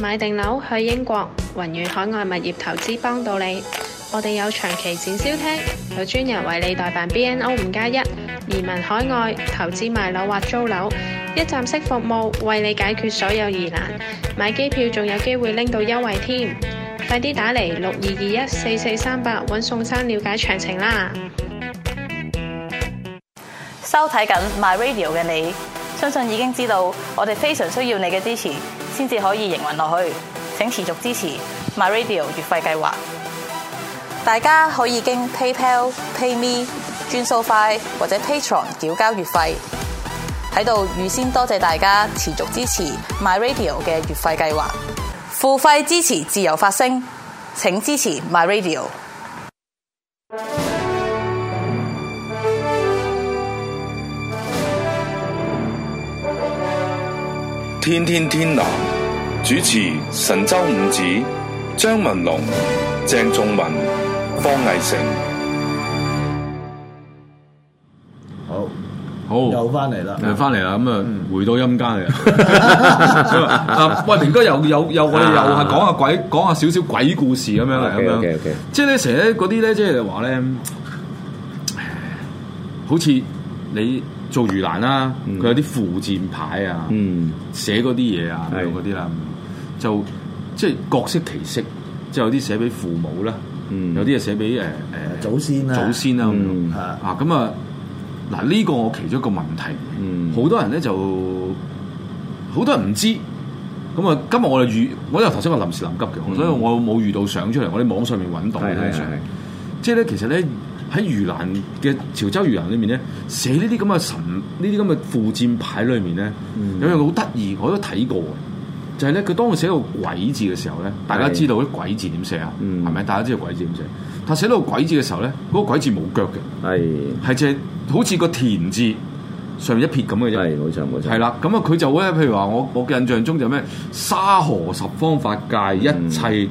買定樓去英國，宏遠海外物業投資幫到你。我哋有長期展銷廳，有專人為你代辦 BNO 五加一移民海外投資賣樓或租樓，一站式服務為你解決所有疑難。買機票仲有機會拎到優惠添，快啲打嚟六二二一四四三八揾宋生了解詳情啦。收睇緊 MyRadio 嘅你，相信已經知道我哋非常需要你嘅支持。先至可以營運落去，請持續支持 MyRadio 月費計劃。大家可以經 PayPal、PayMe 轉數快，或者 Patreon 繳交月費。喺度預先多謝大家持續支持 MyRadio 嘅月費計劃，付費支持自由發聲。請支持 MyRadio。天天天藍。主持神州五子張文龍、鄭仲文、方毅成，好，好又翻嚟啦，又翻嚟啦，咁啊，回到陰間嚟。喂，明哥，又又又我哋又係講下鬼，講下少少鬼故事咁樣嚟，咁樣、嗯，即係咧成咧嗰啲咧，即係話咧，好似你做盂蘭啦，佢有啲附薦牌啊，寫嗰啲嘢啊，嗰啲啦。嗯就即係各色其色，即係有啲寫俾父母啦，嗯，有啲係寫俾誒誒祖先啦，祖先啦咁啊，咁啊嗱，呢個我其中一個問題，好多人咧就好多人唔知，咁啊今日我哋遇，我因為頭先話臨時臨急嘅，所以我冇遇到相出嚟，我喺網上面揾到嘅即係咧其實咧喺盂蘭嘅潮州漁欄裏面咧，寫呢啲咁嘅神，呢啲咁嘅附薦牌裏面咧，有樣好得意，我都睇過。就係咧，佢當佢寫到鬼字嘅時候咧，大家知道啲鬼字點寫啊？係咪？大家知道鬼字點寫、嗯、寫？但寫到鬼字嘅時候咧，嗰鬼字冇腳嘅，係係即係好似個田字上面一撇咁嘅啫。係，冇錯，冇錯。係啦，咁啊，佢就會咧，譬如話，我我印象中就咩沙河十方法界一切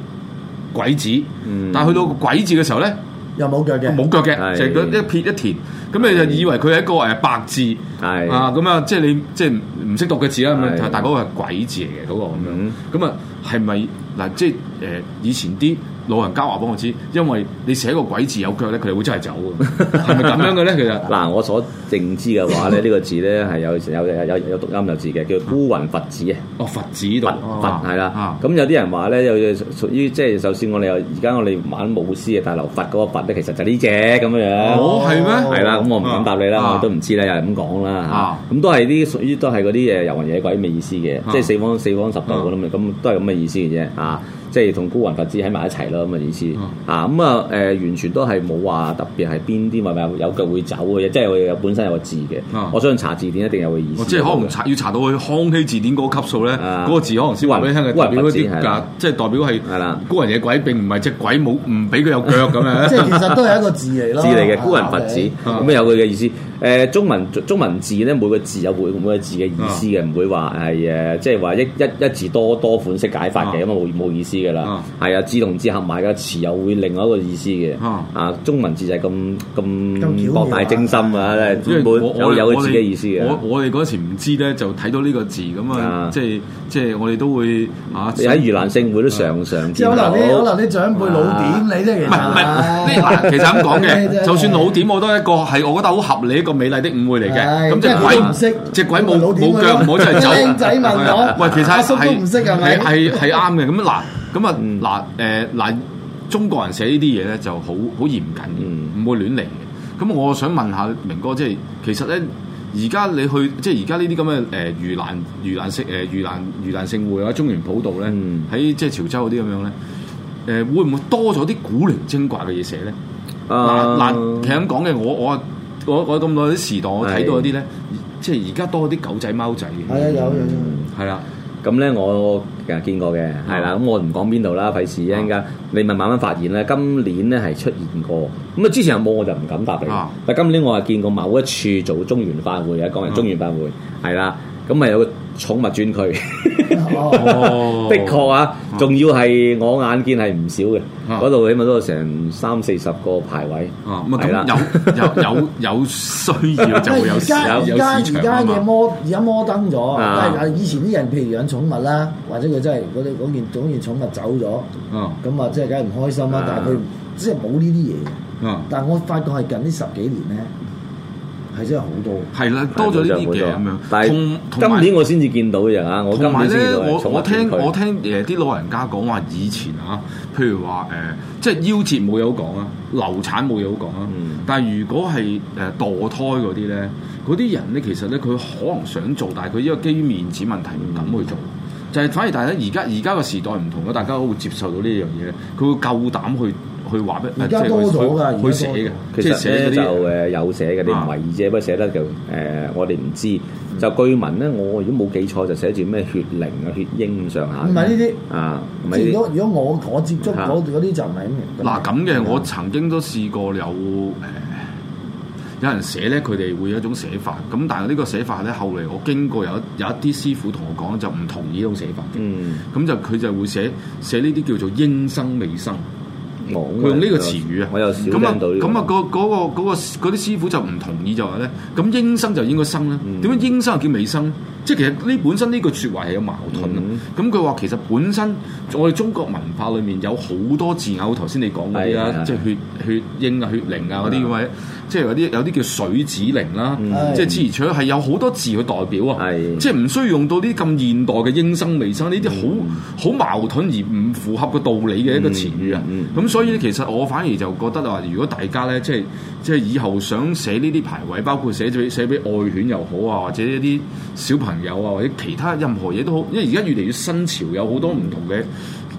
鬼子，嗯、但去到鬼字嘅時候咧，又冇腳嘅，冇腳嘅，係，就係嗰一撇一田。咁你就以為佢係一個誒白字係的啊？咁啊，即係你即係唔識讀嘅字啦。咁啊的，大嗰個係鬼字嚟嘅嗰個咁樣咁啊，係咪嗱？即係誒、呃、以前啲。老人家話畀我知，因為你寫個鬼字有腳咧，佢會真係走嘅，係咪咁樣嘅咧？其實嗱，我所認知嘅話咧，呢個字咧係有有有有讀音有字嘅，叫孤魂佛子啊！哦，佛子佛，佛係啦，咁有啲人話咧，有屬於即係首先我哋有而家我哋玩舞獅嘅大流佛嗰個佛咧，其實就呢隻咁嘅樣。哦，係咩？係啦，咁我唔敢答你啦，我都唔知啦，有人咁講啦嚇。咁都係啲屬於都係嗰啲誒遊魂野鬼嘅意思嘅，即係四方四方十道咁樣，咁都係咁嘅意思嘅啫嚇，即係同孤魂佛子喺埋一齊咁嘅意思啊咁啊誒完全都係冇話特別係邊啲，係咪有腳會走嘅？即係我有本身有個字嘅。我相信查字典一定有個意思。即係可能查要查到佢康熙字典嗰個級數咧，嗰個字可能先話俾你聽嘅。孤人佛字即係代表係高人嘅鬼，並唔係隻鬼冇唔俾佢有腳咁樣。即係其實都係一個字嚟咯。字嚟嘅孤人佛子，咁啊有佢嘅意思。誒中文中文字咧每個字有每每個字嘅意思嘅，唔會話係誒，即係話一一一字多多款式解法嘅，咁啊冇冇意思嘅啦。係啊，字同字合埋嘅詞又會另外一個意思嘅。啊，中文字就係咁咁博大精深啊！根本我有自己意思嘅。我我哋嗰時唔知咧，就睇到呢個字咁啊，即係即係我哋都會啊。喺盂蘭勝會都常常見。有嗱啲有嗱啲長輩老點，你咧唔係唔係？其實咁講嘅，就算老點，我都一個係我覺得好合理。個美麗的誤會嚟嘅，咁隻鬼唔識，隻鬼冇冇腳，冇就係走。仔問我，阿叔都唔識係咪？係係啱嘅。咁嗱，咁啊嗱，誒嗱，中國人寫呢啲嘢咧就好好嚴謹唔會亂嚟嘅。咁我想問下明哥，即係其實咧，而家你去即係而家呢啲咁嘅誒盂蘭盂蘭勝誒盂蘭盂蘭勝會啊，中元普渡咧，喺即係潮州嗰啲咁樣咧，誒會唔會多咗啲古靈精怪嘅嘢寫咧？嗱嗱，其實咁講嘅我我。我我咁耐啲時代，的我睇到嗰啲咧，即係而家多啲狗仔貓仔嘅。係啊，有有。係啦，咁咧我成日見過嘅，係啦。咁我唔講邊度啦，費事一陣間你咪慢慢發現啦。今年咧係出現過，咁啊之前有冇我就唔敢答你。啊、但係今年我係見過某一次做中原法會啊，講係中原法會，係啦、啊。咁咪有個寵物專區，的確啊，仲要係我眼見係唔少嘅，嗰度起碼都有成三四十個排位，咁啊有有有有需要就會有有市場啊嘛。而家而家嘅摩，而家摩登咗，但係以前啲人譬如養寵物啦，或者佢真係嗰啲嗰件嗰件寵物走咗，咁啊真係梗係唔開心啦。但係佢即係冇呢啲嘢，但係我發覺係近呢十幾年咧。係真係好多，係啦的，多咗呢啲嘅。咁錯樣。但係是同有今年我先至見到嘅嚇，同埋咧，我聽我聽我聽誒啲老人家講話，以前嚇、啊，譬如話誒、呃，即係夭折冇嘢好講啊，流產冇嘢好講啊。但係如果係誒墮胎嗰啲咧，嗰啲人咧，其實咧，佢可能想做，但係佢因為基於面子問題唔敢去做。嗯、就係反而大家，大家而家而家個時代唔同啦，大家都會接受到呢樣嘢，佢會夠膽去。去畫咧，而家多咗噶，佢寫嘅，即係寫咧就誒有寫嘅，啲唔係而且不寫得叫。誒，我哋唔知。就據聞咧，我如果冇記錯，就寫住咩血靈啊、血嬰上下。唔係呢啲啊，如果如果我我接觸嗰啲就唔係咁嘅。嗱咁嘅，我曾經都試過有誒，有人寫咧，佢哋會有一種寫法。咁但係呢個寫法咧，後嚟我經過有有一啲師傅同我講，就唔同意呢種寫法嘅。咁就佢就會寫寫呢啲叫做應生未生。佢、哦、用呢個詞語啊，我有少聽到呢啲，咁啊，咁啊，嗰個嗰、嗰個嗰、嗰個嗰啲、嗰個、師傅就唔同意就，就話咧，咁應生就應該生啦，啊，點解應生叫尾生？即係其實呢本身呢個說話係有矛盾啊！咁佢話其實本身、嗯、實本身我哋中國文化裏面有好多字眼，頭先你講嗰啲啊，的即係血血嬰啊、血靈啊啲咁樣，即係有啲有啲叫水子靈啦、啊，的即係字而除係有好多字去代表啊，的即係唔需要用到啲咁現代嘅應生微生呢啲好好矛盾而唔符合個道理嘅一個詞語啊！咁、嗯嗯嗯、所以其實我反而就覺得話、啊，如果大家咧即係即係以後想寫呢啲牌位，包括寫寫寫俾愛犬又好啊，或者一啲小朋友。有啊，或者其他任何嘢都好，因為而家越嚟越新潮有，有好多唔同嘅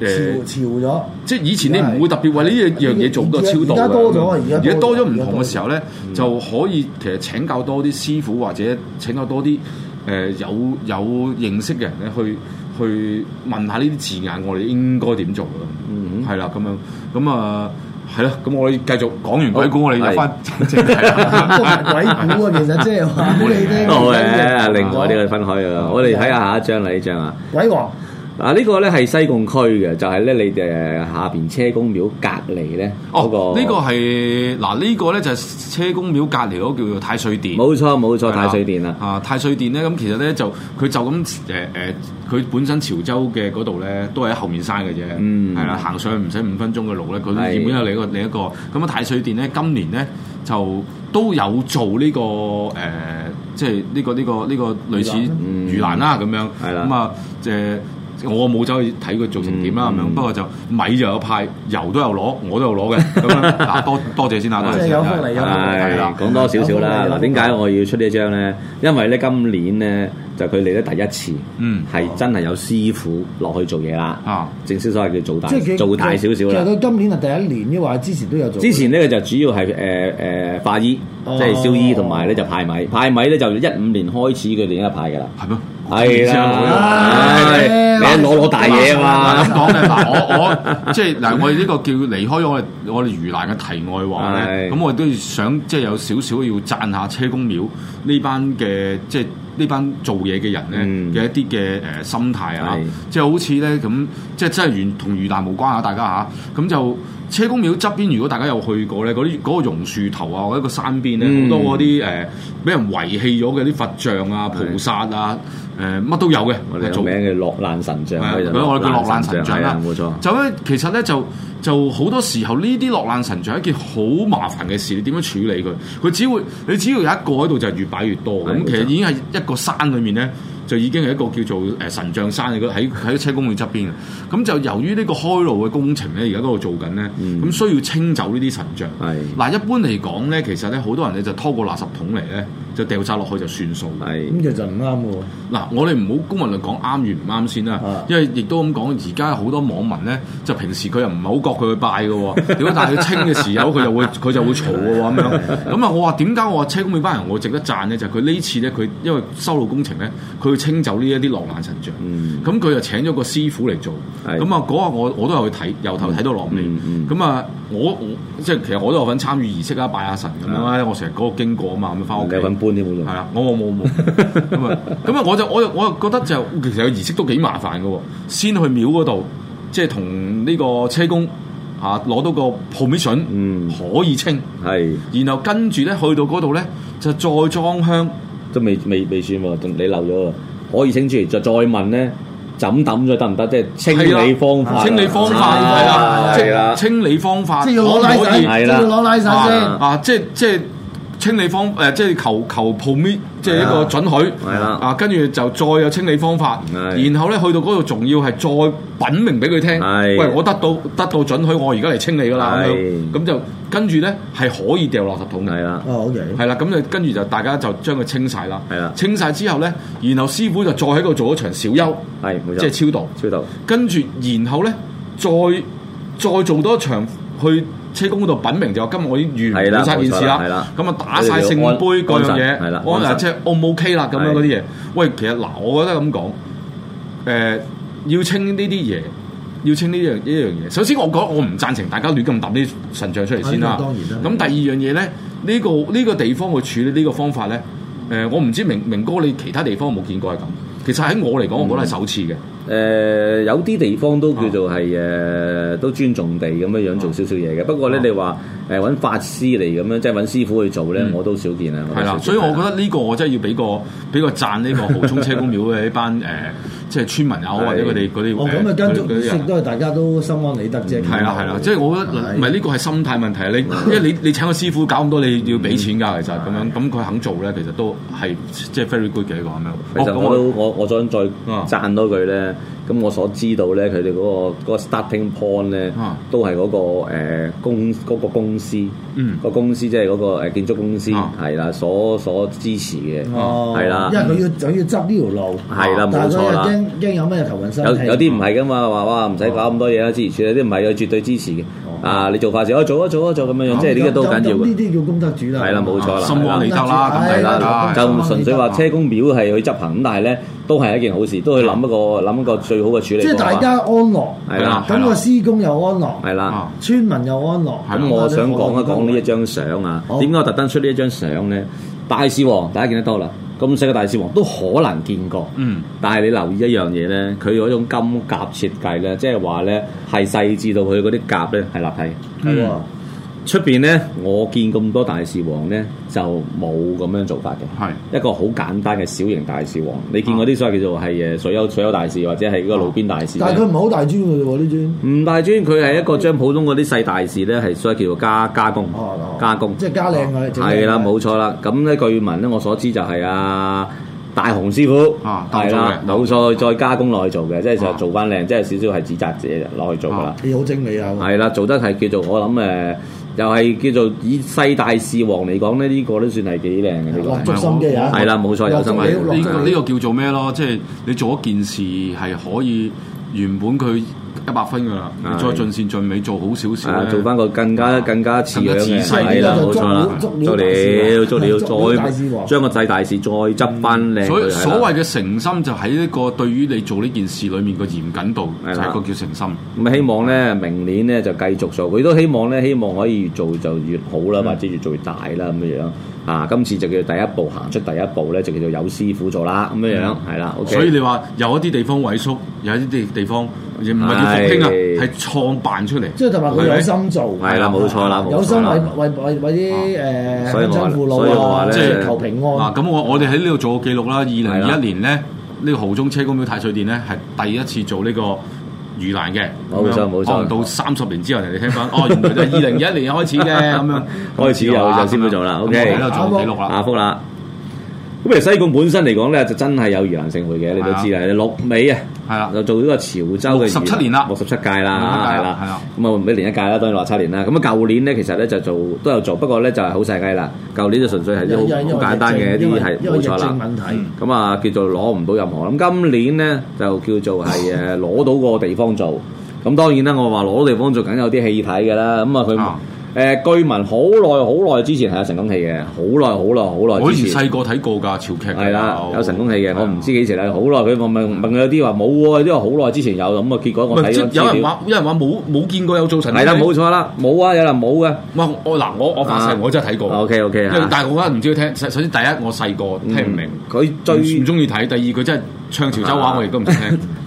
誒潮潮咗，呃、即係以前你唔會特別為呢樣嘢做個超度。而家多咗啊！而家而家多咗唔同嘅時候咧，就可以其實請教多啲師傅或者請教多啲誒、呃、有有認識嘅人咧，去去問下呢啲字眼，我哋應該點做咯、嗯？嗯哼，係、嗯、啦，咁樣咁啊。係咯，咁、嗯、我哋繼續講完鬼古是我哋都分，鬼古是 其實即係話你咧，好另外、嗯、我哋睇下下一張啦，呢張啊，張鬼王。啊！呢個咧係西貢區嘅，就係咧你哋下邊車公廟隔離咧。哦，呢個係嗱，呢個咧就係車公廟隔離嗰個叫做太歲殿。冇錯冇錯，太歲殿啦。啊，太歲殿咧咁其實咧就佢就咁誒誒，佢本身潮州嘅嗰度咧都喺後面山嘅啫。嗯，係啦，行上去唔使五分鐘嘅路咧，佢基本有另一個另一個。咁啊，太歲殿咧今年咧就都有做呢個誒，即係呢個呢個呢個類似魚欄啦咁樣。係啦，咁啊即係。我冇走去睇佢做成點啦，咁樣不過就米就有派，油都有攞，我都有攞嘅咁啊！多多謝先啊！多謝有得嚟有講多少少啦嗱？點解我要出呢張咧？因為咧今年咧就佢嚟得第一次，嗯，係真係有師傅落去做嘢啦啊！正式所謂叫做大做大少少啦。其實今年係第一年，抑或之前都有做？之前呢咧就主要係誒誒化衣，即係燒衣同埋咧就派米，派米咧就一五年開始佢第一派㗎啦，係咯。係啊，你攞攞大嘢啊嘛！咁講嘅嗱，我我即係嗱，我呢個叫離開我我哋盂蘭嘅題外話咧。咁我都想即係有少少要讚下車公廟呢班嘅即係呢班做嘢嘅人咧嘅一啲嘅誒心態啊，即係好似咧咁，即係真係完同盂蘭無關啊！大家吓咁就車公廟側邊，如果大家有去過咧，嗰啲嗰個榕樹頭啊，或者個山邊咧，好多嗰啲誒俾人遺棄咗嘅啲佛像啊、菩薩啊。誒、乜、呃、都有嘅，我哋有名做名嘅落難神像，嗰啲我哋叫落難神像啦，冇錯、啊。就咁，其實咧就就好多時候呢啲落難神像係一件好麻煩嘅事，你點樣處理佢？佢只會你只要有一個喺度，就係越擺越多。咁的其實已經係一個山裏面咧，就已經係一個叫做誒神像山嘅喺喺車公廟側邊。咁就由於呢個開路嘅工程咧，而家嗰度做緊咧，咁、嗯、需要清走呢啲神像。係嗱的，一般嚟講咧，其實咧好多人咧就拖個垃圾桶嚟咧。就掉晒落去就算數，咁其實就唔啱喎。嗱，我哋唔好公文論講啱與唔啱先啦，因為亦都咁講，而家好多網民咧，就平時佢又唔係好覺佢去拜嘅喎。點解？但係清嘅時候，佢就會佢就會嘈嘅喎咁樣。咁啊，我話點解我話清工嗰班人我值得讚咧？就係佢呢次咧，佢因為修路工程咧，佢去清走呢一啲落眼神像，咁佢又請咗個師傅嚟做。咁啊，嗰日我我都有去睇，由頭睇到落尾。咁啊，我即係其實我都有份參與儀式啦，拜下神咁樣啦。我成日嗰個經過啊嘛，咁翻屋企。係啦，我冇冇冇咁啊！咁啊，我就我就我又覺得就其實個儀式都幾麻煩嘅喎。先去廟嗰度，即係同呢個車工嚇攞到個 permission 嗯，可以清，係。然後跟住咧，去到嗰度咧，就再裝香，就未未未算喎。你漏咗啊？可以清出嚟，就再問咧，枕揼咗得唔得？即係清理方法，清理方法，係啦，係啦，清理方法，即係要攞拉屎，要攞拉屎先啊！即即。清理方，誒、呃，即係求求 permit，即係一個准許，係啦的，啊，跟住就再有清理方法，的然後咧去到嗰度，仲要係再稟明俾佢聽，係的，喂，我得到得到准許，我而家嚟清理噶啦，係的，咁就跟住咧係可以掉落垃圾桶，係啦的，哦，OK，係啦，咁就跟住就大家就將佢清晒啦，係啦的，清晒之後咧，然後師傅就再喺度做一場小休，係的，即係超度，超度道，跟住然後咧再再，再做多一場去。車公嗰度品明就話：今日我已經完滿晒件事啦，咁啊打晒聖杯嗰的安樣嘢，的安啊安即係是安唔 OK 啦，咁樣嗰啲嘢。喂，其實嗱，我覺得咁講，誒要清呢啲嘢，要清呢樣呢樣嘢。首先，我講我唔贊成大家亂咁抌啲神像出嚟先啦，當然啦。咁第二樣嘢咧，呢、呢個呢、呢個地方去處理呢個方法咧，誒、呃、我唔知明明哥你其他地方有冇見過係咁。其實喺我嚟講，我覺得係首次嘅。嗯。誒有啲地方都叫做係誒都尊重地咁樣樣做少少嘢嘅，不過咧你話誒揾法師嚟咁樣即係揾師傅去做咧，我都少見啦。係啦，所以我覺得呢個我真係要俾個俾個贊呢個濠涌車公廟嘅一班誒，即係村民啊，或者佢哋嗰啲。咁啊，跟住食都係大家都心安理得啫。係啦係啦，即係我覺得唔係呢個係心態問題啊！你因為你你請個師傅搞咁多，你要俾錢㗎，其實咁樣咁佢肯做咧，其實都係即係 very good 嘅一個咁樣。我我我我再再贊多句咧。咁我所知道咧，佢哋嗰個 starting point 咧，都係嗰個公嗰個公司，個公司即係嗰個建築公司係啦，所所支持嘅，係啦，因為佢要佢要執呢條路，係啦，冇錯啦。驚驚有咩頭暈身有有啲唔係噶嘛話哇唔使搞咁多嘢啦，支持有啲唔係，佢絕對支持嘅。啊，你做法事，我做一做一做咁樣樣，即係呢個都緊要。呢啲叫功德主啦，係啦冇錯啦，心安理得啦，係啦，就純粹話車公廟係去執行，但係咧。都係一件好事，都去諗一個諗一個最好嘅處理，即係大家安樂，係啦，咁個施工又安樂，係啦，村民又安樂。咁我想講一講呢一張相啊，點解我特登出呢一張相咧？大士王大家見得多啦，咁細嘅大士王都可能見過，嗯，但係你留意一樣嘢咧，佢嗰種金甲設計咧，即係話咧係細緻到佢嗰啲甲咧係立體，係。出邊咧？我見咁多大士王咧，就冇咁樣做法嘅。係一個好簡單嘅小型大士王，你見嗰啲所謂叫做係誒水友水友大士或者係嗰個路邊大士。但係佢唔係好大尊嘅啫喎，啲尊。唔大尊，佢係一個將普通嗰啲細大士咧，係所謂叫做加加工、加工，即係加靚嘅。係啦，冇錯啦。咁咧，據聞咧，我所知就係啊大雄師傅係啦，冇錯，再加工落去做嘅，即係就做翻靚，即係少少係紙紮者落去做啦。佢好精美啊！係啦，做得係叫做我諗誒。又係叫做以世大士王嚟講咧，呢、呢個都算係幾靚嘅，呢個係啦，冇錯，有心機。呢、呢個呢、呢個叫做咩咯？即、就、係、是、你做一件事係可以原本佢。一百分噶啦，再盡善盡美做好少少做翻個更加更加慈嘅，係啦，冇錯啦，祝你，祝你再將個細大事再執翻靚。所所謂嘅誠心就喺呢個對於你做呢件事裏面個嚴謹度，就係個叫誠心。咁希望咧，明年咧就繼續做，佢都希望咧，希望可以做就越好啦，或者越做越大啦咁樣。啊！今次就叫第一步，行出第一步咧，就叫做有師傅做啦，咁嘅樣，係啦。所以你話有一啲地方萎縮，有一啲地方唔係要復興啊，係創辦出嚟。即係同埋佢有心做。係啦，冇錯啦，有心為啲誒鄉親父老啊，即係求平安。嗱，咁我我哋喺呢度做個記錄啦。二零二一年咧，呢個豪中車公廟太歲殿咧，係第一次做呢個。盂蘭嘅，冇錯冇錯，到三十年之後人哋 聽翻，哦，原來就二零二一年開始嘅，咁 樣開始又就先咁做啦 ，OK，我做記錄啦，阿、啊、福啦。咁啊，西貢本身嚟講咧，就真係有盂蘭勝會嘅，你都知啦。六尾啊，就做呢個潮州嘅，十七年啦，六十七屆啦，係啦，係啊。咁啊，唔俾連一屆啦，當然六十七年啦。咁啊，舊年咧，其實咧就做都有做，不過咧就係好細雞啦。舊年就純粹係啲好簡單嘅一啲係冇錯啦。咁啊，叫做攞唔到任何。咁今年咧就叫做係誒攞到個地方做。咁當然啦，我話攞地方做，梗有啲氣體嘅啦。咁啊，佢。誒據聞好耐好耐之前係有神功戲嘅，好耐好耐好耐。我以前細個睇過㗎，潮劇係啦、啊，有神功戲嘅，的我唔知幾時啦。好耐，佢、嗯、問問佢有啲話冇喎，因為好耐之前有咁啊。結果我睇咗有人話，有人話冇，冇見過有做神功戲。係啦，冇錯啦，冇啊，有人冇嘅、啊。我嗱我，我發誓我真係睇過、啊。OK OK，、啊、因為但係我覺得唔知要聽。首先第一，我細個聽唔明佢、嗯、最唔中意睇。第二佢真係。唱潮州話我亦都唔聽，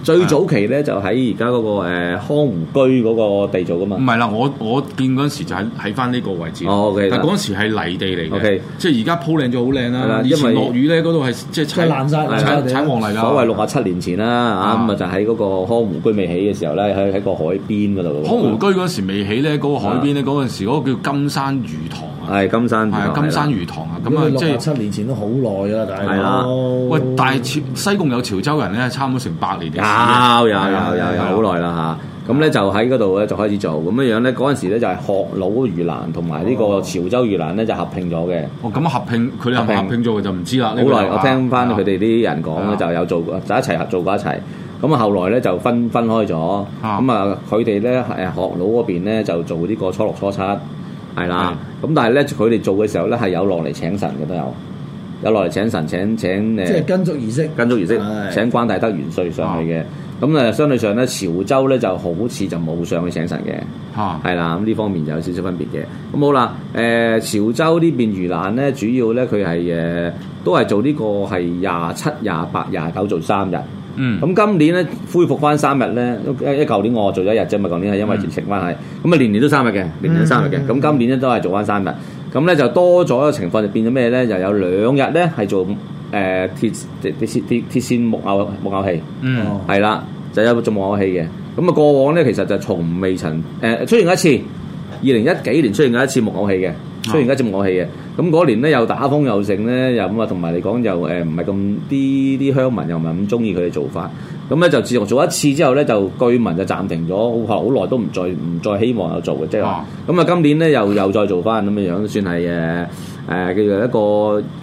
最早期咧就喺而家嗰個康湖居嗰個地做噶嘛。唔係啦，我我見嗰陣時就喺喺翻呢個位置。哦，但嗰陣時係泥地嚟嘅，即係而家鋪靚咗好靚啦。以前落雨咧嗰度係即係產爛曬，產產黃泥啦。所謂六啊七年前啦，啊咁啊就喺嗰個康湖居未起嘅時候咧，喺喺個海邊嗰度。康湖居嗰時未起咧，嗰個海邊咧嗰陣時嗰個叫金山魚塘。係金山魚塘，係金山魚塘啊，咁啊，即係七年前都好耐啦，大佬。喂，大係潮西貢有潮州人咧，差唔多成百年前。有有有有好耐啦吓，咁咧就喺嗰度咧就開始做，咁樣樣咧嗰陣時咧就係學佬魚欄同埋呢個潮州魚欄咧就合併咗嘅。哦，咁合併佢哋合併咗佢就唔知啦。好耐，我聽翻佢哋啲人講咧，就有做就一齊合做過一齊。咁啊，後來咧就分分開咗。咁啊，佢哋咧係學佬嗰邊咧就做呢個初六初七。係啦，咁但係咧，佢哋做嘅時候咧，係有落嚟請神嘅都有，有落嚟請神，請請誒，請即係跟足儀式，跟足儀式，是的 請關大德元帥上去嘅，咁誒、啊嗯、相對上咧潮州咧就好似就冇上去請神嘅，係、啊、啦，咁呢方面就有少少分別嘅，咁、嗯、好啦，誒、呃、潮州邊呢邊盂蘭咧，主要咧佢係誒都係做呢個係廿七廿八廿九做三日。嗯，咁今年咧恢復翻三日咧，一一舊年我做咗一日啫嘛，舊年係因為疫情關係，咁啊、嗯、年年都三日嘅，年年都三日嘅，咁、嗯、今年咧都係做翻三日，咁咧就多咗個情況就變咗咩咧？就有兩日咧係做誒、呃、鐵鐵鐵鐵鐵線木偶木偶戲，嗯，係啦，就有做木偶戲嘅，咁啊過往咧其實就從未曾誒、呃、出現一次，二零一幾年出現咗一次木偶戲嘅。雖然而家接唔到氣嘅，咁嗰年咧又打風又剩咧，又咁啊，同埋嚟講又誒唔係咁啲啲鄉民又唔係咁中意佢哋做法，咁咧就自從做一次之後咧，就據聞就暫停咗，好耐好耐都唔再唔再希望有做嘅，即係話咁啊，今年咧又又再做翻咁嘅樣算，算係誒誒叫做一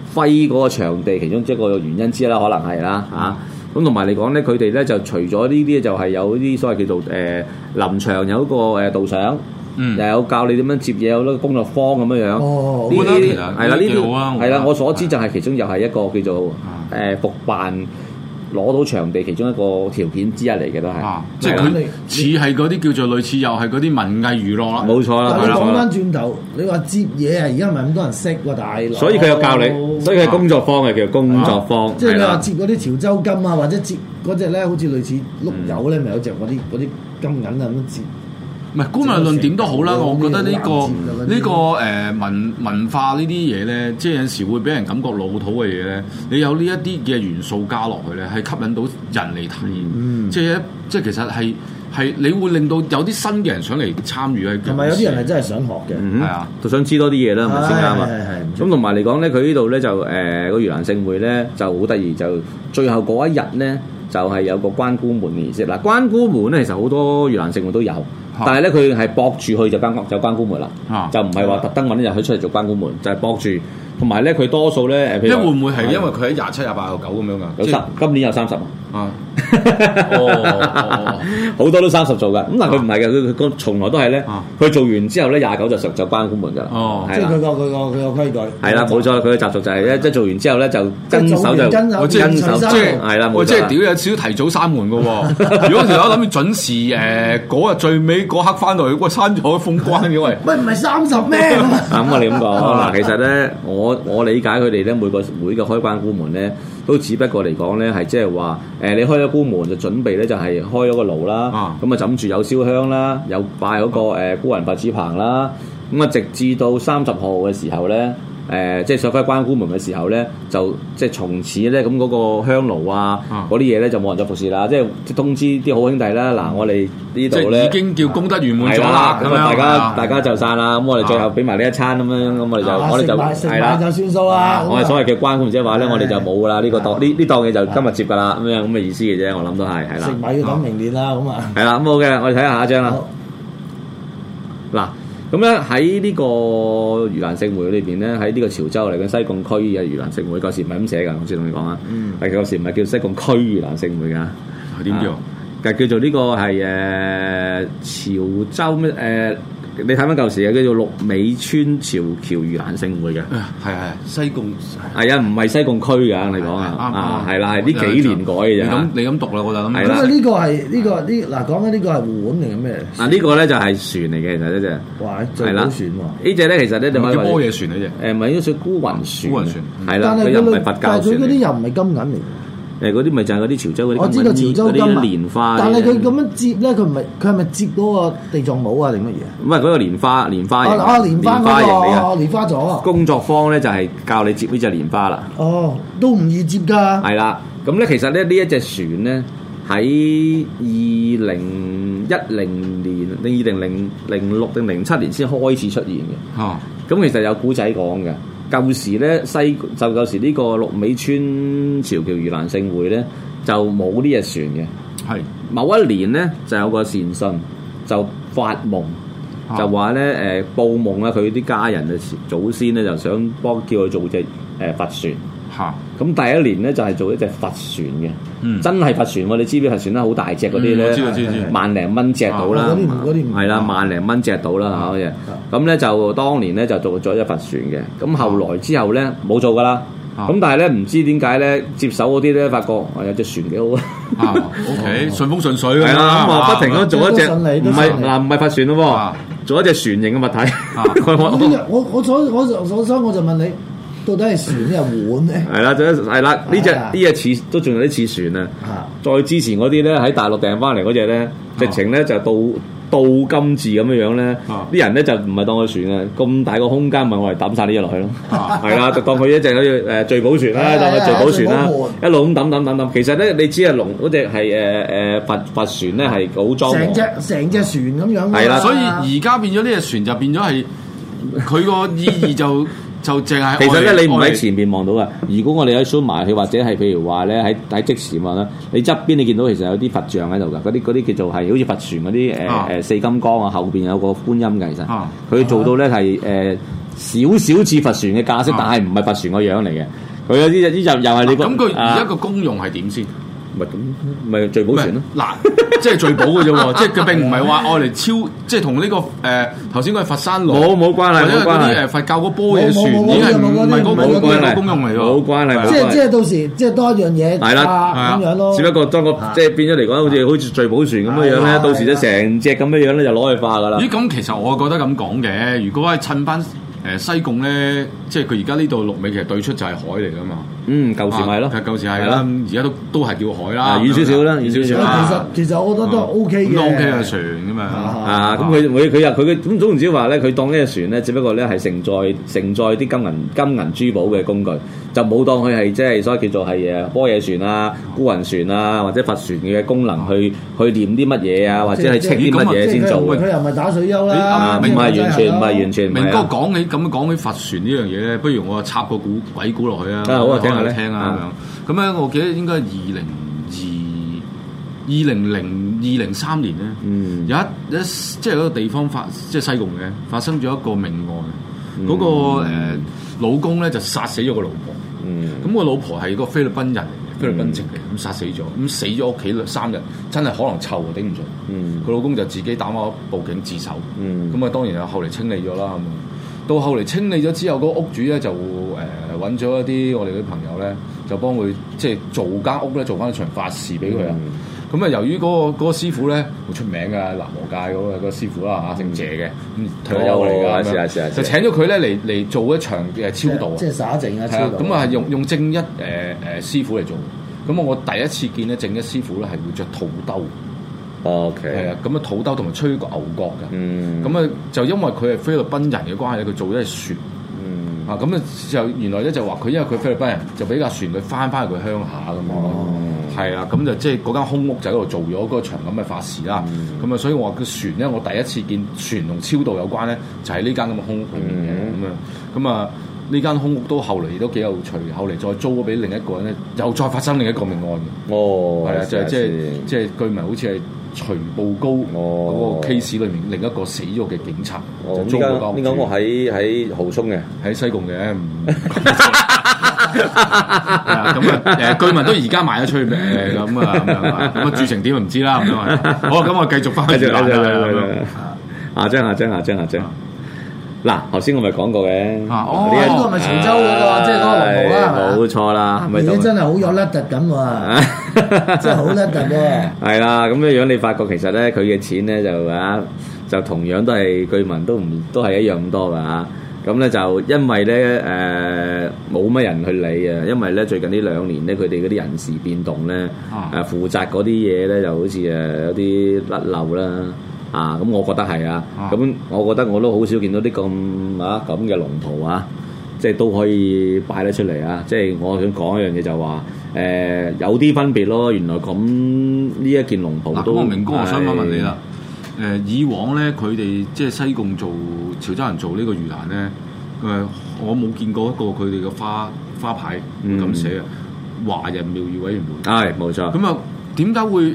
個揮嗰個場地其中一個原因之一啦，可能係啦嚇。咁同埋嚟講咧，佢哋咧就除咗呢啲就係、是、有啲所謂叫做誒、呃、臨場有一個誒導賞。呃又有教你點樣接嘢，有好多工作坊咁樣樣。哦，呢啲係啦，呢啲係啦，我所知就係其中又係一個叫做誒復辦攞到場地，其中一個條件之一嚟嘅都係。即係佢似係嗰啲叫做類似，又係嗰啲文藝娛樂啦。冇錯啦。講翻轉頭，你話接嘢啊，而家唔係咁多人識喎，大佬。所以佢有教你，所以佢係工作坊嚟嘅，工作坊。即係你話接嗰啲潮州金啊，或者接嗰隻咧，好似類似碌柚咧，咪有隻嗰啲啲金銀啊咁接。唔係觀衆論點都好啦，我覺得呢、這個呢、這個誒、呃、文文化呢啲嘢咧，即係有時會俾人感覺老土嘅嘢咧。你有呢一啲嘅元素加落去咧，係吸引到人嚟睇、嗯，即係即係其實係係你會令到有啲新嘅人想嚟參與嘅。唔係、嗯、有啲人係真係想學嘅，係、嗯、啊，就想知多啲嘢啦，先啱啊。咁同埋嚟講咧，佢呢度咧就誒、呃那個盂蘭勝會咧就好得意，就最後嗰一日咧就係、是、有個關孤門嘅儀式嗱，關孤門咧其實好多盂蘭勝會都有。但係咧，佢係搏住去就關就關古門啦，就唔係話特登揾日佢出嚟做關古門，就係搏住。同埋咧，佢多數咧誒，因為會唔會係因為佢喺廿七、廿八、廿九咁樣噶？有十，今年有三十，哦，好多都三十做㗎。咁嗱，佢唔係嘅，佢佢從來都係咧，佢做完之後咧廿九就就關古門㗎，哦，即係佢個佢個佢個規矩，係啦，冇錯，佢嘅習俗就係一即係做完之後咧就跟手就跟手，即係係啦，即係屌有少少提早閂門嘅喎。如果條友諗住準時誒嗰日最尾。嗰刻翻到去，哇！閂咗封關嘅喂，喂唔係三十咩？咁你咁講嗱，其實咧，我我理解佢哋咧每個會嘅開關孤門咧，都只不過嚟講咧，係即係話誒，你開咗孤門就準備咧，就係、是、開咗個爐啦，咁啊枕住有燒香啦，有拜嗰、那個、呃、孤魂白紙棚啦，咁啊直至到三十號嘅時候咧。誒，即係上翻關孤門嘅時候咧，就即係從此咧，咁嗰個香爐啊，嗰啲嘢咧就冇人再服侍啦。即係通知啲好兄弟啦，嗱，我哋呢度咧，已經叫功德圓滿咗啦。咁啊，大家大家就散啦。咁我哋最後俾埋呢一餐咁樣，咁我哋就我哋就係啦，就算數啦。我哋所謂嘅關公即係話咧，我哋就冇啦。呢個檔呢呢檔嘢就今日接噶啦，咁樣咁嘅意思嘅啫。我諗都係係啦。食米要等明年啦，咁啊。係啦，咁好嘅，我哋睇下下一張啦。咁咧喺呢個盂蘭勝會裏邊咧，喺呢個潮州嚟嘅西貢區嘅盂蘭勝會，嗰時唔係咁寫噶，我先同你講啊。嗯，係嗰時唔係叫西貢區盂蘭勝會噶，點、啊、叫？就係、啊、叫做呢個係誒、呃、潮州咩誒？呃你睇翻舊時嘅叫做六尾村潮僑盂蘭勝會嘅，係係、哎、西貢，係、哎、啊，唔係西貢區嘅。你講啊，啱啱，係啦，係呢我幾年改嘅啫，你咁你咁讀啦，我就諗、啊欸。因為呢個係呢個啲嗱講緊呢個係湖碗定係咩？嗱呢個咧就係船嚟嘅，其實呢隻，係啦船喎。呢隻咧其實呢，就可叫乜嘢船嚟隻？誒唔係應該算孤雲船。孤雲船係啦，佢又唔係佛教船。但嗰啲又唔係金銀嚟。誒嗰啲咪就係嗰啲潮州嗰啲，我知道些潮州嗰啲蓮花。但係佢咁樣接咧，佢唔係佢係咪接到個地藏母啊？定乜嘢？唔係嗰個蓮花，蓮花人，蓮花嗰個，蓮花座。花工作坊咧就係教你接呢隻蓮花啦。哦，都唔易接㗎。係啦，咁咧其實咧呢一隻船咧喺二零一零年定二零零零六定零七年先開始出現嘅。哦、啊，咁其實有古仔講嘅。舊時咧西就舊時呢個六尾村潮橋盂蘭勝會咧就冇呢隻船嘅。係是某一年咧就有個善信就發夢，是就話咧誒報夢啦，佢啲家人嘅祖先咧就想幫叫佢做隻誒佛船。咁第一年咧就係做一隻帆船嘅，真係帆船喎！你知唔知帆船咧好大隻嗰啲咧？萬零蚊隻到啦，係啦，萬零蚊隻到啦嚇嗰嘢。咁咧就當年咧就做咗一隻帆船嘅。咁後來之後咧冇做噶啦。咁但係咧唔知點解咧接手嗰啲咧發覺有隻船幾好啊。O K 順風順水啊，咁啊不停咁做一隻，唔係嗱唔係帆船咯，做一隻船型嘅物體。我我所我所所以我就問你。到底係船定係碗咧？係啦，係啦，呢隻呢隻似都仲有啲似船啊！再之前嗰啲咧，喺大陸訂翻嚟嗰隻咧，直情咧就到到金字咁嘅樣咧，啲人咧就唔係當佢船啊！咁大個空間咪我嚟揼晒呢隻落去咯，係啦，就當佢一隻好似誒聚寶船啦，當佢聚寶船啦，一路咁揼揼揼揼。其實咧，你知啊，龍嗰隻係誒誒佛佛船咧，係好裝成隻成隻船咁樣。係啦，所以而家變咗呢隻船就變咗係佢個意義就。就淨係，其實咧，你唔喺前面望到㗎。面如果我哋喺掃埋去， 或者係譬如話咧喺喺即時望啦，你側邊你見到其實有啲佛像喺度㗎。嗰啲啲叫做係好似佛船嗰啲誒誒四金剛啊，後邊有個觀音嘅其實。佢、啊、做到咧係誒少少似佛船嘅架式，啊、但係唔係佛船個樣嚟嘅。佢有啲又又係你個。咁佢而家個功用係點先？咪咁，咪聚寶船咯。嗱，即係聚寶嘅啫喎，即係佢並唔係話愛嚟超，即係同呢個誒，頭先嗰個佛山路，冇冇關係，或者啲誒佛教嗰波嘢船，冇關係，已經係公用嚟，冇關係。即係即係到時，即係多一樣嘢，係啦，咁樣囉。只不過當個，即係變咗嚟講，好似好似聚寶船咁嘅樣咧，到時都成隻咁嘅樣咧，就攞去化㗎喇。咦，咁其實我覺得咁講嘅，如果係襯返誒西貢咧，即係佢而家呢度六尾其實對出就係海嚟㗎嘛。嗯，舊時咪係咯，舊時係啦，而家都都係叫海啦，遠少少啦，遠少少啦。其實其實我覺得都係 OK 嘅。咁 OK 啊，船㗎嘛啊，咁佢佢佢又佢嘅，咁總言之話咧，佢當呢隻船咧，只不過咧係承載承載啲金銀金銀珠寶嘅工具，就冇當佢係即係所謂叫做係啊波嘢船啊孤雲船啊或者佛船嘅功能去去念啲乜嘢啊或者係稱啲乜嘢先做。佢又唔係打水漁啦。唔係完全唔係完全明哥講起，咁講起佛船呢樣嘢咧，不如我插個古鬼古落去啊。啊好啊。聽啊咁、嗯、樣，咁咧，我記得應該二零二二零零二零三年咧，嗯、有一、就是、一即係嗰個地方發，即、就、係、是、西貢嘅，發生咗一個命案。嗰、嗯那個誒、呃、老公咧就殺死咗、嗯、個老婆。咁個老婆係個菲律賓人，嚟嘅，菲律賓籍嚟，咁殺、嗯、死咗，咁死咗屋企三日，真係可能臭啊，頂唔順。佢、嗯、老公就自己打返報警自首，咁啊、嗯，當然啊，後嚟清理咗啦，係、嗯、咪？到後嚟清理咗之後，嗰、那個、屋主咧就誒揾咗一啲我哋啲朋友咧，就幫佢即係做間屋咧，做翻一場法事俾佢啊。咁啊，由、嗯、於嗰、那個嗰師傅咧好出名㗎，南和街嗰個個師傅啦嚇，姓謝嘅，退休嚟㗎。Ving，就請咗佢咧嚟嚟做一場誒超度、啊、即係打靜嘅超度。咁啊係用用正一誒誒師傅嚟做，咁啊，嗯、我第一次見咧正一師傅咧係會着肚兜。OK，係啊，咁啊，土兜同埋吹個牛角嘅，咁啊就因為佢係菲律賓人嘅關係咧，佢做咗隻船，啊咁啊就原來咧就話佢因為佢菲律賓人就俾架船佢翻返去佢鄉下咁咯，係啊，咁就即係嗰間空屋就喺度做咗嗰場咁嘅法事啦，咁啊，所以我話個船咧，我第一次見船同超度有關咧，就喺呢間咁嘅空屋入面嘅，咁啊，咁啊呢間空屋都後嚟都幾有趣嘅，後嚟再租咗俾另一個人咧，又再發生另一個命案哦，係啊，就即係即係據聞好似係。徐步高嗰個 case 裏面另一個死咗嘅警察，依家點解我喺喺蠔涌嘅，喺西貢嘅？咁啊，誒，居民都而家賣咗出命，咁啊，咁啊，住成點唔知啦，咁啊，好咁我繼續翻，去，繼續，繼續，繼續，阿張，阿張，阿張，阿張。嗱，頭先我咪講過嘅，呢個咪潮州嗰個，即係嗰個黃牛啦，冇錯啦，而且真係好有甩轆咁喎，真係好甩轆嘅。係啦，咁嘅樣你發覺其實咧，佢嘅錢咧就啊，就同樣都係據聞都唔都係一樣咁多㗎嚇。咁、啊、咧就因為咧誒冇乜人去理啊，因為咧最近呢兩年咧佢哋嗰啲人事變動咧，誒、啊、負責嗰啲嘢咧就好似誒有啲甩漏啦。啊，咁我覺得係啊，咁、啊、我覺得我都好少見到啲咁啊咁嘅龍袍啊，即係都可以擺得出嚟啊！即、就、係、是、我想講一樣嘢就話，誒、呃、有啲分別咯。原來咁呢一件龍袍都我、啊、明哥是 我想係問問你啦。誒、呃，以往咧，佢哋即係西貢做潮州人做呢個盂蘭咧，誒，我冇見過一個佢哋嘅花花牌咁寫嘅、嗯、華人廟宇委員會，係冇錯。咁啊，點解會？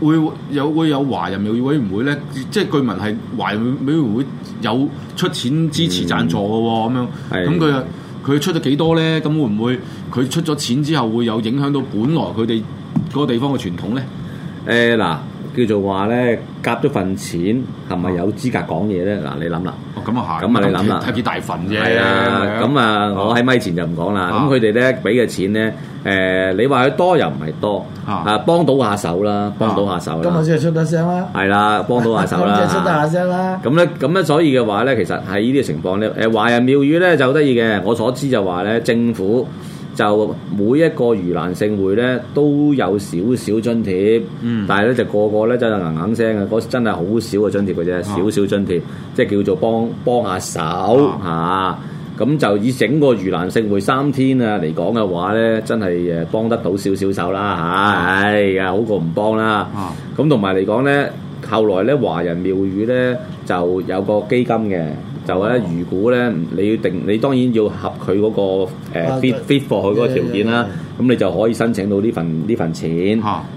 會有會有華人廟會唔會咧？即係據聞係華人廟會，會有出錢支持贊、嗯、助嘅喎、哦，咁樣。咁佢佢出咗幾多咧？咁會唔會佢出咗錢之後會有影響到本來佢哋嗰個地方嘅傳統咧？誒嗱、欸。叫做話咧，夾咗份錢係咪有資格講嘢咧？嗱，你諗啦。咁啊咁啊，你諗啦。睇幾大份啫。係啊，咁啊，我喺咪前就唔講啦。咁佢哋咧俾嘅錢咧，誒，你話佢多又唔係多，啊，幫到下手啦，啊、手幫到下手。咁啊， 先出得聲啦。係啦，幫到下手啦嚇。即係出得下聲啦。咁咧，咁咧，所以嘅話咧，其實喺呢啲情況咧，誒、啊，華人妙宇咧就得意嘅。我所知就話咧，政府。政府 就每一個盂蘭勝會咧都有少少津貼，嗯、但係咧就個個咧真係硬硬聲嘅，嗰時真係好少嘅津貼嘅啫，少少津貼，啊、即係叫做幫幫下、啊、手嚇。咁、啊啊、就以整個盂蘭勝會三天啊嚟講嘅話咧，真係誒幫得到少少手啦嚇，唉呀、啊、好過唔幫啦。咁同埋嚟講咧，後來咧華人廟宇咧就有個基金嘅。就咧，如果咧，你要定，你當然要合佢嗰個誒 fit fit for 佢嗰個條件啦，咁你就可以申請到呢份呢份錢，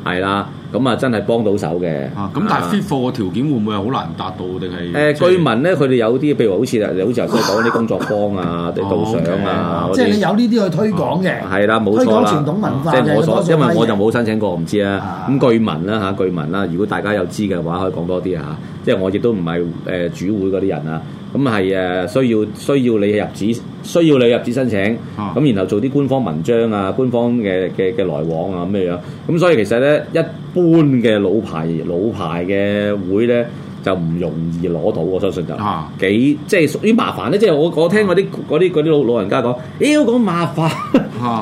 係啦，咁啊真係幫到手嘅。咁但係 fit for 嘅條件會唔會係好難達到定係？誒，據聞咧，佢哋有啲譬如好似你好似頭先講啲工作坊啊，地到上啊，即係你有呢啲去推廣嘅，係啦，冇錯啦。推廣傳統文化即係我所，因為我就冇申請過，唔知啊。咁據聞啦嚇，據聞啦，如果大家有知嘅話，可以講多啲啊。即係我亦都唔係誒主會嗰啲人啊，咁係誒需要需要你去入紙，需要你入紙申請，咁然後做啲官方文章啊，官方嘅嘅嘅來往啊咁樣樣，咁所以其實咧，一般嘅老牌老牌嘅會咧。就唔容易攞到，我相信就幾即係屬於麻煩咧。即係我我聽嗰啲啲啲老老人家講，咦咁麻煩，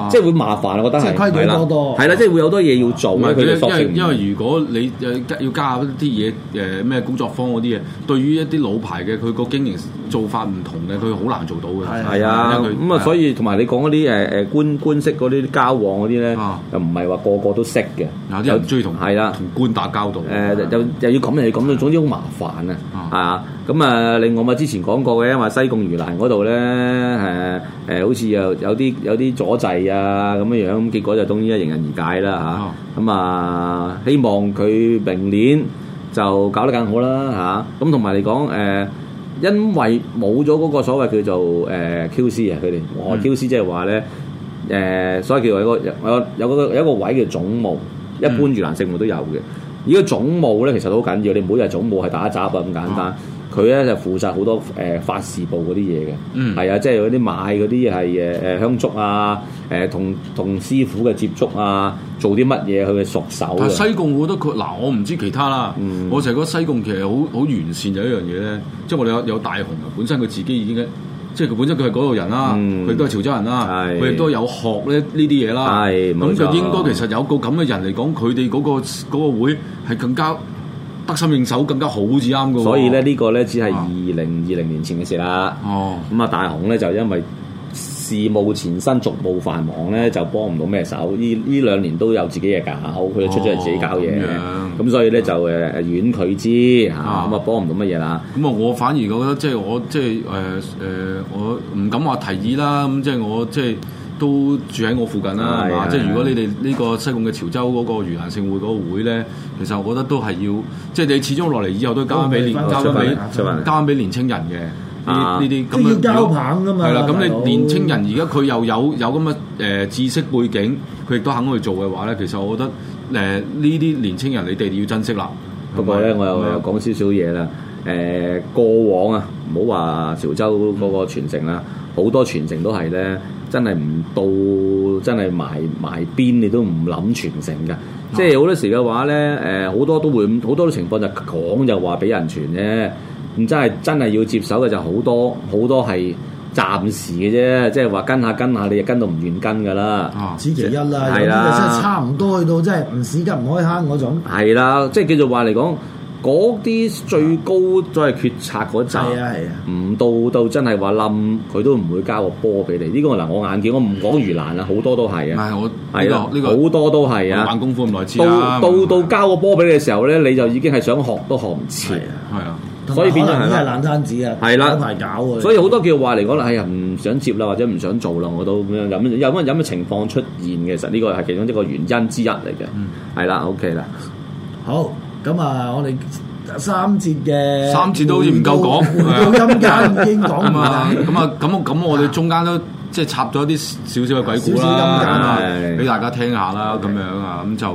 即係會麻煩。我覺得係，係啦，即係會有好多嘢要做。因為如果你有加要加啲嘢誒咩工作坊嗰啲嘢，對於一啲老牌嘅佢個經營做法唔同嘅，佢好難做到嘅。係啊，咁啊，所以同埋你講嗰啲誒誒官官式嗰啲交往嗰啲咧，又唔係話個個都識嘅，有追同係啦，同官打交道誒，又又要咁又要咁，總之好麻煩啊！啊咁啊，另外、啊、我之前講過嘅，因為西貢魚欄嗰度咧，誒誒、呃，好似又有啲有啲阻滯啊咁樣樣，結果就終於一迎刃而解啦嚇。咁啊，啊，希望佢明年就搞得更好啦嚇。咁同埋你講誒，因為冇咗嗰個所謂叫做誒、呃、Q C 啊，佢哋我 Q C 即係話咧誒，所以叫做一個有有有一個位嘅總務，一般魚欄聖務都有嘅。嗯依個總務咧，其實都好緊要。你唔好以為總務係打雜咁簡單，佢咧就負責好多誒法、呃、事部嗰啲嘢嘅。係、嗯、啊，即係嗰啲買嗰啲係誒誒香燭啊，誒同同師傅嘅接觸啊，做啲乜嘢佢嘅熟手。西貢，我覺得佢嗱，我唔知其他啦。嗯、我成日覺得西貢其實好好完善就一樣嘢咧，即係我哋有有大雄啊，本身佢自己已經。即係佢本身、啊，佢係嗰度人啦，佢都係潮州人啦、啊，佢亦是都有學咧呢啲嘢啦。咁就是應該其實有個咁嘅人嚟講，佢哋嗰個嗰、嗰個會係更加得心應手，更加好似啱嘅。所以咧，呢個咧只係二零二零年前嘅事啦。哦，咁啊，大雄咧就因為事務纏身，逐步繁忙咧，就幫唔到咩手。呢依兩年都有自己嘢搞，佢出咗嚟自己搞嘢，咁、哦、所以咧就誒遠佢知嚇，咁啊，啊就幫唔到乜嘢啦。咁啊、嗯，我反而覺得即係我即係誒誒，我唔、呃、敢話提議啦。咁即係我即係都住喺我附近啦，係嘛、哎呀？吧即係如果你哋呢個西貢嘅潮州嗰個盂蘭勝會嗰個會咧，其實我覺得都係要，即係你始終落嚟以後都交俾交俾交俾年青人嘅。呢啲咁要交棒啊嘛？係啦，咁、啊啊啊、你年青人而家佢又有有咁嘅誒知識背景，佢亦都肯去做嘅話咧，其實我覺得誒呢啲年青人你哋要珍惜啦。不過咧，我又又講少少嘢啦。誒、呃，過往啊，唔好話潮州嗰個傳承啦，好、嗯、多傳承都係咧，真係唔到真係埋埋邊你都唔諗傳承㗎。即係好多時嘅話咧，誒好多都會好多情況就講就話俾人傳嘅。真係真係要接手嘅就好多好多係暫時嘅啫，即係話跟下跟下，你就跟到唔願跟噶啦。此其一啦，係啦，真係差唔多去到真係唔屎急唔開坑嗰種。係啦，即係叫做話嚟講，嗰啲最高再係決策嗰集。係啊係啊，唔到到真係話冧佢都唔會交個波俾你。呢個嗱我眼見我唔講魚欄啦，好多都係啊。唔係我係好多都係啊。玩功夫咁耐到到交個波俾你嘅時候咧，你就已經係想學都學唔切。係啊。所以變咗係真係爛攤子啊！係啦，排搞啊！所以好多叫話嚟講啦，係啊，唔想接啦，或者唔想做啦，我都咁樣有乜有咩情況出現嘅。其實呢個係其中一個原因之一嚟嘅。嗯，係啦，OK 啦，好咁啊！我哋三節嘅三節都好似唔夠講，回到陰間已經講埋。咁啊咁啊咁，我咁我哋中間都即係插咗啲少少嘅鬼故啦，俾大家聽下啦，咁樣啊咁就誒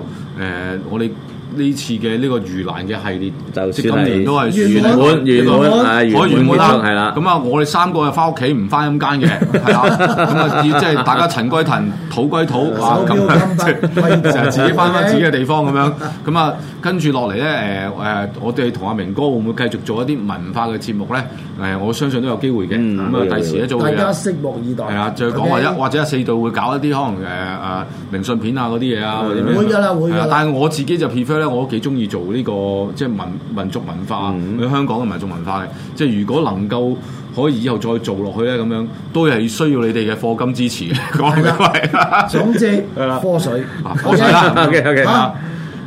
我哋。呢次嘅呢個盂蘭嘅系列，今年都係圓滿圓滿啊，圓圓滿，係啦。咁啊，我哋三個又翻屋企唔翻陰間嘅，係啊。咁啊，即係大家塵歸塵，土歸土啊。咁即係成日自己翻翻自己嘅地方咁樣。咁啊。 跟住落嚟咧，誒誒，我哋同阿明哥會唔會繼續做一啲文化嘅節目咧？誒，我相信都有機會嘅。咁啊，第時咧做嘅，大家拭目以待。係啊，再講話一或者四度會搞一啲可能誒誒明信片啊嗰啲嘢啊。會㗎喇，會。但係我自己就 prefer 咧，我幾中意做呢個即係民民族文化，喺香港嘅民族文化嘅。即係如果能夠可以以後再做落去咧，咁樣都係需要你哋嘅課金支持嘅。講緊，總之科水。OK OK OK。